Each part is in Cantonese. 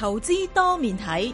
投資多面睇。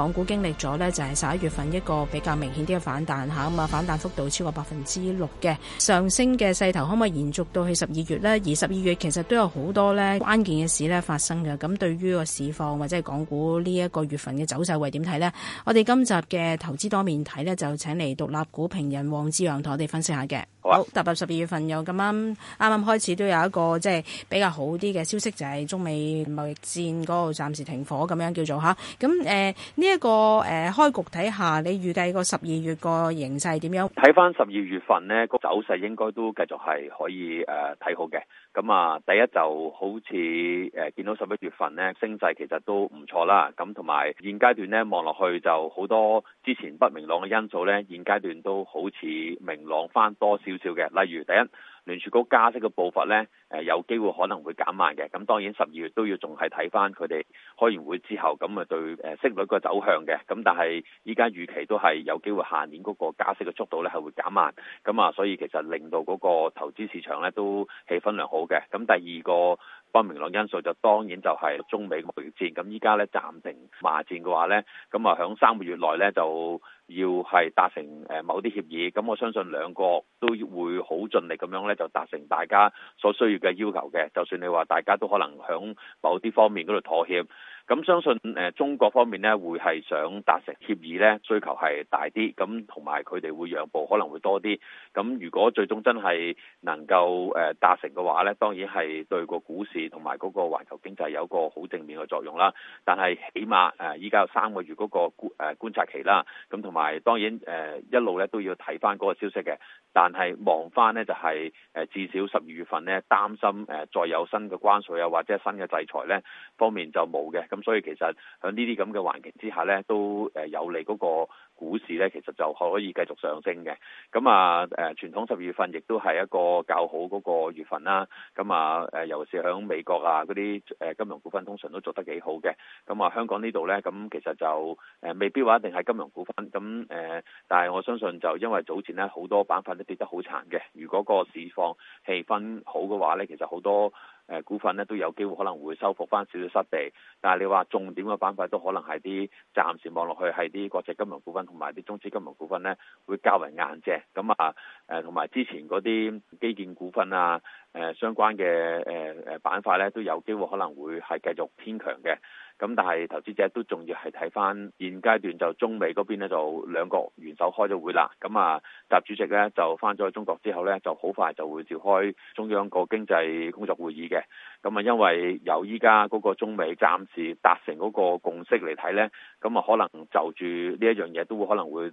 港股經歷咗呢，就係十一月份一個比較明顯啲嘅反彈嚇嘛，反彈幅度超過百分之六嘅上升嘅勢頭，可唔可以延續到去十二月呢？而十二月其實都有好多呢關鍵嘅事呢發生嘅。咁對於個市況或者係港股呢一個月份嘅走勢，會點睇呢？我哋今集嘅投資多面睇呢，就請嚟獨立股評人黃之陽同我哋分析下嘅。好踏入十二月份，又咁啱啱啱開始，都有一個即係比較好啲嘅消息，就係中美貿易戰嗰度暫時停火咁樣叫做嚇。咁誒呢？呃一個誒、呃、開局睇下，你預計個十二月個形勢點樣？睇翻十二月份呢個走勢應該都繼續係可以誒睇、呃、好嘅。咁啊，第一就好似誒、呃、見到十一月份呢，升勢其實都唔錯啦。咁同埋現階段呢，望落去就好多之前不明朗嘅因素呢，現階段都好似明朗翻多少少嘅。例如第一。聯儲局加息嘅步伐咧，誒有機會可能會減慢嘅。咁當然十二月都要仲係睇返佢哋開完會之後，咁啊對誒息率嘅走向嘅。咁但係依家預期都係有機會下年嗰個加息嘅速度咧係會減慢。咁啊，所以其實令到嗰個投資市場咧都氣氛良好嘅。咁第二個不明朗因素就當然就係中美嘅對峙。咁依家咧暫定。罵戰嘅話呢，咁啊喺三個月內呢，就要係達成誒某啲協議，咁我相信兩國都會好盡力咁樣呢，就達成大家所需要嘅要求嘅，就算你話大家都可能喺某啲方面嗰度妥協。咁相信誒、呃、中國方面咧，會係想達成協議咧，需求係大啲，咁同埋佢哋會讓步可能會多啲。咁如果最終真係能夠誒、呃、達成嘅話咧，當然係對個股市同埋嗰個環球經濟有個好正面嘅作用啦。但係起碼誒依家有三個月嗰、那個、呃、觀誒觀察期啦，咁同埋當然誒、呃、一路咧都要睇翻嗰個消息嘅。但係望翻咧就係、是、誒、呃、至少十二月份咧，擔心誒再有新嘅關稅啊或者新嘅制裁咧方面就冇嘅咁。嗯、所以其實喺呢啲咁嘅環境之下呢，都誒、呃、有利嗰個股市呢，其實就可以繼續上升嘅。咁啊誒，傳統十二月份亦都係一個較好嗰個月份啦。咁啊誒，尤其是喺美國啊嗰啲誒金融股份，通常都做得幾好嘅。咁啊，香港呢度呢，咁其實就誒未必話一定係金融股份。咁誒，但係我相信就因為早前呢，好多板塊都跌得好殘嘅。如果個市況氣氛好嘅話呢，其實好多，誒股份咧都有機會可能會收復返少少失地，但係你話重點嘅板塊都可能係啲暫時望落去係啲國際金融股份同埋啲中資金融股份咧，會較為硬淨。咁啊誒同埋之前嗰啲基建股份啊誒相關嘅誒誒板塊咧都有機會可能會係繼續偏強嘅。咁但係投資者都仲要係睇翻現階段就中美嗰邊咧，就兩國元首開咗會啦，咁啊習主席咧，就翻咗去中國之後咧，就好快就會召開中央個經濟工作會議嘅。咁啊因為由依家嗰個中美暫時達成嗰個共識嚟睇咧，咁啊可能就住呢一樣嘢都會可能會誒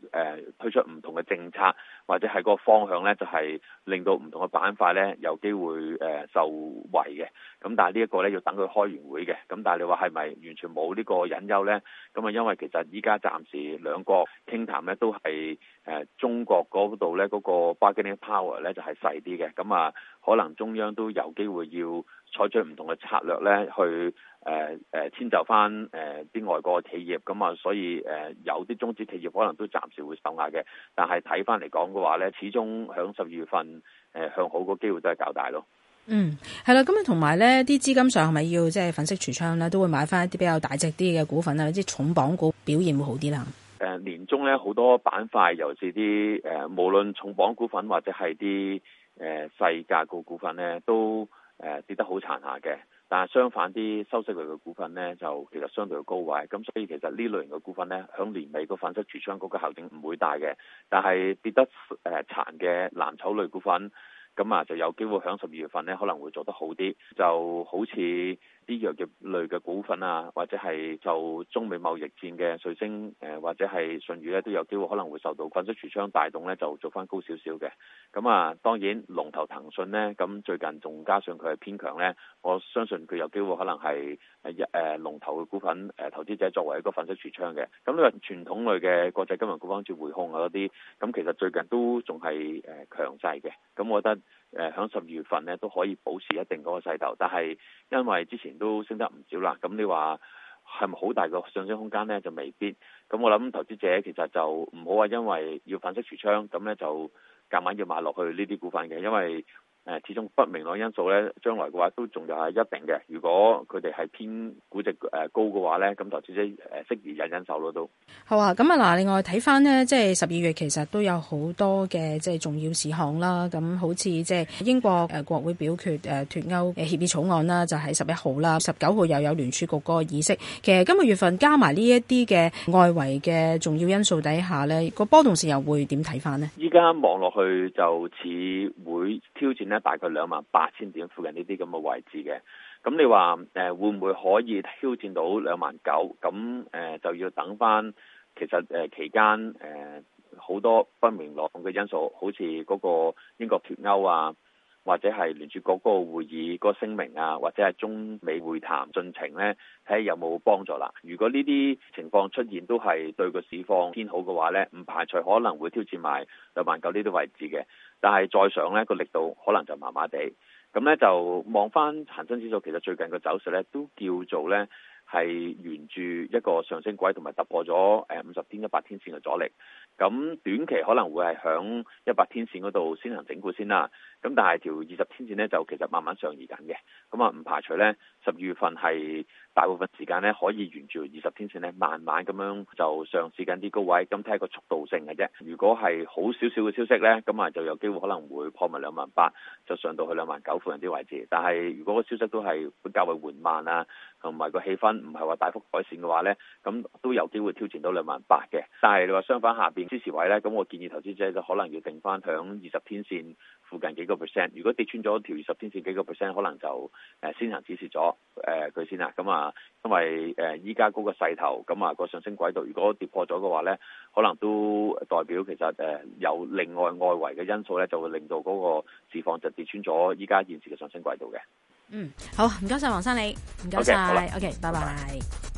推出唔同嘅政策，或者係個方向咧就係令到唔同嘅板塊咧有機會誒受惠嘅。咁但係呢一個咧要等佢開完會嘅。咁但係你話，係咪完？全冇呢個隱憂呢，咁啊，因為其實依家暫時兩國傾談呢都係誒、呃、中國嗰度咧，嗰、那個 Bargaining power 呢就係細啲嘅，咁啊，可能中央都有機會要採取唔同嘅策略呢去誒誒、呃呃、遷就翻誒啲外國嘅企業，咁啊，所以誒、呃、有啲中資企業可能都暫時會受壓嘅，但係睇翻嚟講嘅話呢，始終響十二月份誒、呃、向好個機會都係較大咯。嗯，係啦，咁啊，同埋咧，啲資金上係咪要即係粉飾櫥窗咧，都會買翻一啲比較大隻啲嘅股份啊，啲重磅股表現會好啲啦。誒，年中咧好多板塊，尤其是啲誒，無論重磅股份或者係啲誒細價股份咧，都誒、呃、跌得好殘下嘅。但係相反啲收息類嘅股份咧，就其實相對高位，咁所以其實呢類型嘅股份咧，響年尾個粉飾櫥窗嗰個效應唔會大嘅。但係跌得誒殘嘅藍籌類股份。咁啊，就有機會喺十二月份咧，可能會做得好啲。就好似啲藥業類嘅股份啊，或者係就中美貿易戰嘅瑞星誒、呃，或者係順宇咧，都有機會可能會受到粉飾櫥窗帶動咧，就做翻高少少嘅。咁啊，當然龍頭騰訊呢，咁最近仲加上佢係偏強呢，我相信佢有機會可能係誒誒龍頭嘅股份誒投資者作為一個粉飾櫥窗嘅。咁呢個傳統類嘅國際金融股，包括匯控啊嗰啲，咁其實最近都仲係誒強勢嘅。咁我覺得。誒，響十二月份咧都可以保持一定嗰個勢頭，但係因為之前都升得唔少啦，咁你話係咪好大個上升空間呢？就未必。咁我諗投資者其實就唔好話，因為要粉飾廚窗，咁呢，就夾硬要買落去呢啲股份嘅，因為。誒，始終不明朗因素咧，將來嘅話都仲有係一定嘅。如果佢哋係偏估值誒高嘅話咧，咁就只只誒適宜忍忍手咯都。好啊，咁啊嗱，另外睇翻呢，即係十二月其實都有好多嘅即係重要事項啦。咁好似即係英國誒國會表決誒脱歐誒協議草案啦，就喺十一號啦，十九號又有聯儲局嗰個議息。其實今個月份加埋呢一啲嘅外圍嘅重要因素底下咧，個波動性又會點睇翻呢？依家望落去就似會挑戰咧。大概兩萬八千點附近呢啲咁嘅位置嘅，咁你話誒、呃、會唔會可以挑戰到兩萬九？咁、呃、誒就要等翻，其實誒、呃、期間誒好、呃、多不明朗嘅因素，好似嗰個英國脫歐啊，或者係聯儲局嗰個會議個聲明啊，或者係中美會談進程呢，睇下有冇幫助啦。如果呢啲情況出現都係對個市況偏好嘅話呢，唔排除可能會挑戰埋兩萬九呢啲位置嘅。但係再上呢個力度可能就麻麻地，咁呢，就望翻恆生指數，其實最近個走勢呢都叫做呢係沿住一個上升軌，同埋突破咗誒五十天、一百天線嘅阻力，咁短期可能會係響一百天線嗰度先行整固先啦。咁但係條二十天線咧，就其實慢慢上移緊嘅。咁啊，唔排除咧，十二月份係大部分時間咧，可以沿住二十天線咧，慢慢咁樣就上試緊啲高位。咁睇下個速度性嘅啫。如果係好少少嘅消息咧，咁啊就有機會可能會破埋兩萬八，就上到去兩萬九附近啲位置。但係如果個消息都係會較為緩慢啊，同埋個氣氛唔係話大幅改善嘅話咧，咁都有機會挑戰到兩萬八嘅。但係你話相反下邊支持位咧，咁我建議投資者就可能要定翻響二十天線。附近幾個 percent，如果跌穿咗條二十天線幾個 percent，可能就誒先行止蝕咗誒佢先啦。咁、嗯、啊，因為誒依家嗰個勢頭，咁、嗯、啊、個上升軌道，如果跌破咗嘅話咧，可能都代表其實誒、呃、有另外外圍嘅因素咧，就會令到嗰個市況就跌穿咗依家現時嘅上升軌道嘅。嗯，好，唔該晒，黃生你，唔該晒，OK，拜拜。